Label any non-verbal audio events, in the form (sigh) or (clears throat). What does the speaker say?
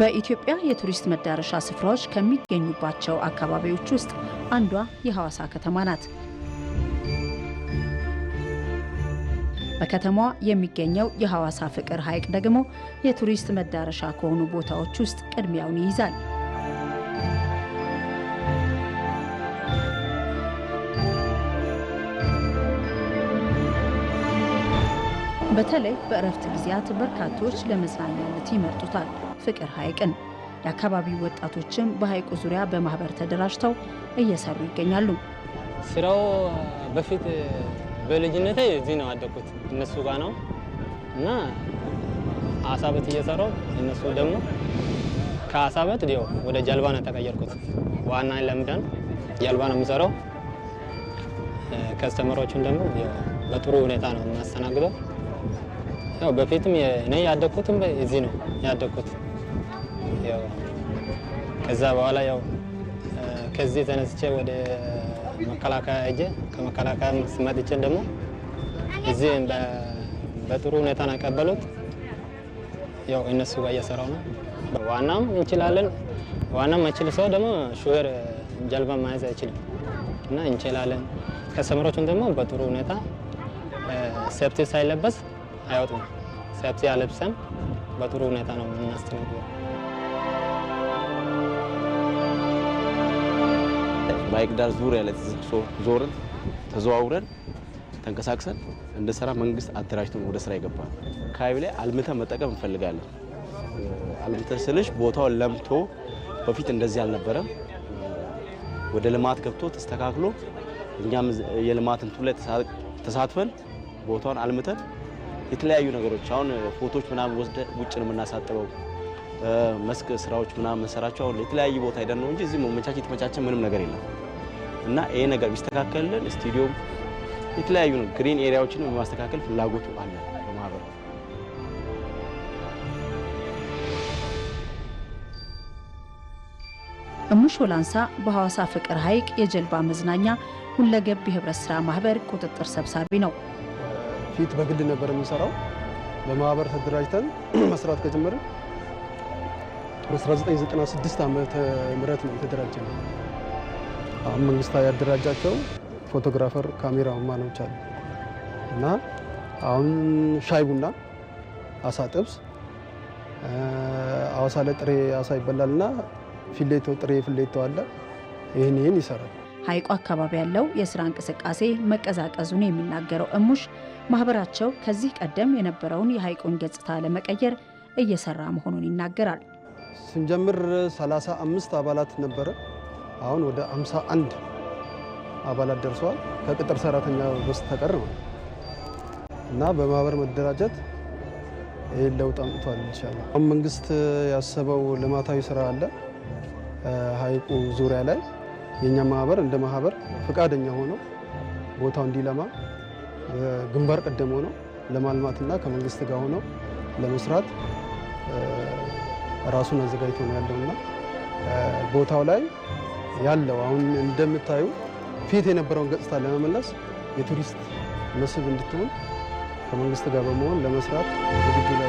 በኢትዮጵያ የቱሪስት መዳረሻ ስፍራዎች ከሚገኙባቸው አካባቢዎች ውስጥ አንዷ የሐዋሳ ከተማ ናት። በከተማዋ የሚገኘው የሐዋሳ ፍቅር ሐይቅ ደግሞ የቱሪስት መዳረሻ ከሆኑ ቦታዎች ውስጥ ቅድሚያውን ይይዛል። በተለይ በእረፍት ጊዜያት በርካቶች ለመዝናኛነት ይመርጡታል ፍቅር ሐይቅን። የአካባቢው ወጣቶችም በሐይቁ ዙሪያ በማህበር ተደራጅተው እየሰሩ ይገኛሉ። ስራው በፊት በልጅነቴ እዚህ ነው ያደኩት፣ እነሱ ጋር ነው እና አሳበት እየሰራው እነሱ ደግሞ ከአሳበት ው ወደ ጀልባ ነው የተቀየርኩት። ዋና ለምደን ጀልባ ነው የምሰራው። ከስተመሮቹን ደግሞ በጥሩ ሁኔታ ነው የምናስተናግደው። ያው በፊትም እኔ ያደኩትም እዚህ ነው ያደኩት። ያው ከዛ በኋላ ያው ከዚህ ተነስቼ ወደ መከላከያ ሄጄ ከመከላከያ ስመጥቼ ደግሞ እዚህ በጥሩ ሁኔታ ነው ያቀበሉት። ያው እነሱ ጋር እየሰራው ነው። ዋናም እንችላለን። ዋናም መችል ሰው ደግሞ ሹር ጀልባ መያዝ አይችልም እና እንችላለን። ከሰመሮችን ደግሞ በጥሩ ሁኔታ ሴፍቲ ሳይለበስ አይወጡም። ሰብሲ አለብሰን በጥሩ ሁኔታ ነው የምናስተናግደው። በሐይቅ ዳር ዙሪያ ላይ ዞርን፣ ተዘዋውረን ተንቀሳቅሰን እንደ ስራ መንግስት አደራጅቶ ወደ ስራ ይገባል። አካባቢ ላይ አልምተ መጠቀም እንፈልጋለን። አልምተ ስልሽ ቦታውን ለምቶ በፊት እንደዚህ አልነበረም። ወደ ልማት ገብቶ ተስተካክሎ እኛም የልማት እንትኑ ላይ ተሳትፈን ቦታውን አልምተን የተለያዩ ነገሮች አሁን ፎቶች ምናምን ወስደ ውጭ ነው የምናሳጥበው። መስክ ስራዎች ምናምን መሰራቸው አሁን የተለያዩ ቦታ ሄደን ነው እንጂ እዚህ መመቻቸት የተመቻቸ ምንም ነገር የለም እና ይሄ ነገር ቢስተካከልልን ስቱዲዮም የተለያዩ ነው ግሪን ኤሪያዎችን በማስተካከል ፍላጎቱ አለ በማህበረ እሙሾ ላንሳ በሐዋሳ ፍቅር ሐይቅ የጀልባ መዝናኛ ሁለገብ የህብረት ስራ ማህበር ቁጥጥር ሰብሳቢ ነው። ፊት በግል ነበር የምንሰራው። በማህበር ተደራጅተን (clears throat) መስራት ከጀመርን በ1996 ዓመተ ምህረት ነው የተደራጀነው። መንግስት ያደራጃቸው ፎቶግራፈር፣ ማኖች አሉ እና አሁን ሻይ ቡና፣ አሳ ጥብስ፣ አዋሳ ለጥሬ አሳ ይበላል እና ፊሌቶ ጥሬ ፊሌቶ አለ። ይህን ይህን ይሰራል። ሀይቁ አካባቢ ያለው የስራ እንቅስቃሴ መቀዛቀዙን የሚናገረው እሙሽ ማህበራቸው ከዚህ ቀደም የነበረውን የሐይቁን ገጽታ ለመቀየር እየሰራ መሆኑን ይናገራል። ስንጀምር 35 አባላት ነበረ። አሁን ወደ 51 አባላት ደርሰዋል። ከቅጥር ሰራተኛ በስተቀር ነው እና በማህበር መደራጀት ይህን ለውጥ አምጥቷል። ይቻላል። መንግስት ያሰበው ልማታዊ ስራ አለ ሐይቁ ዙሪያ ላይ የእኛ ማህበር እንደ ማህበር ፈቃደኛ ሆኖ ቦታው እንዲለማ ግንባር ቀደም ሆኖ ለማልማትና ከመንግስት ጋር ሆኖ ለመስራት ራሱን አዘጋጅቶ ነው ያለውና ቦታው ላይ ያለው አሁን እንደምታዩ ፊት የነበረውን ገጽታ ለመመለስ የቱሪስት መስህብ እንድትሆን ከመንግስት ጋር በመሆን ለመስራት ዝግጁ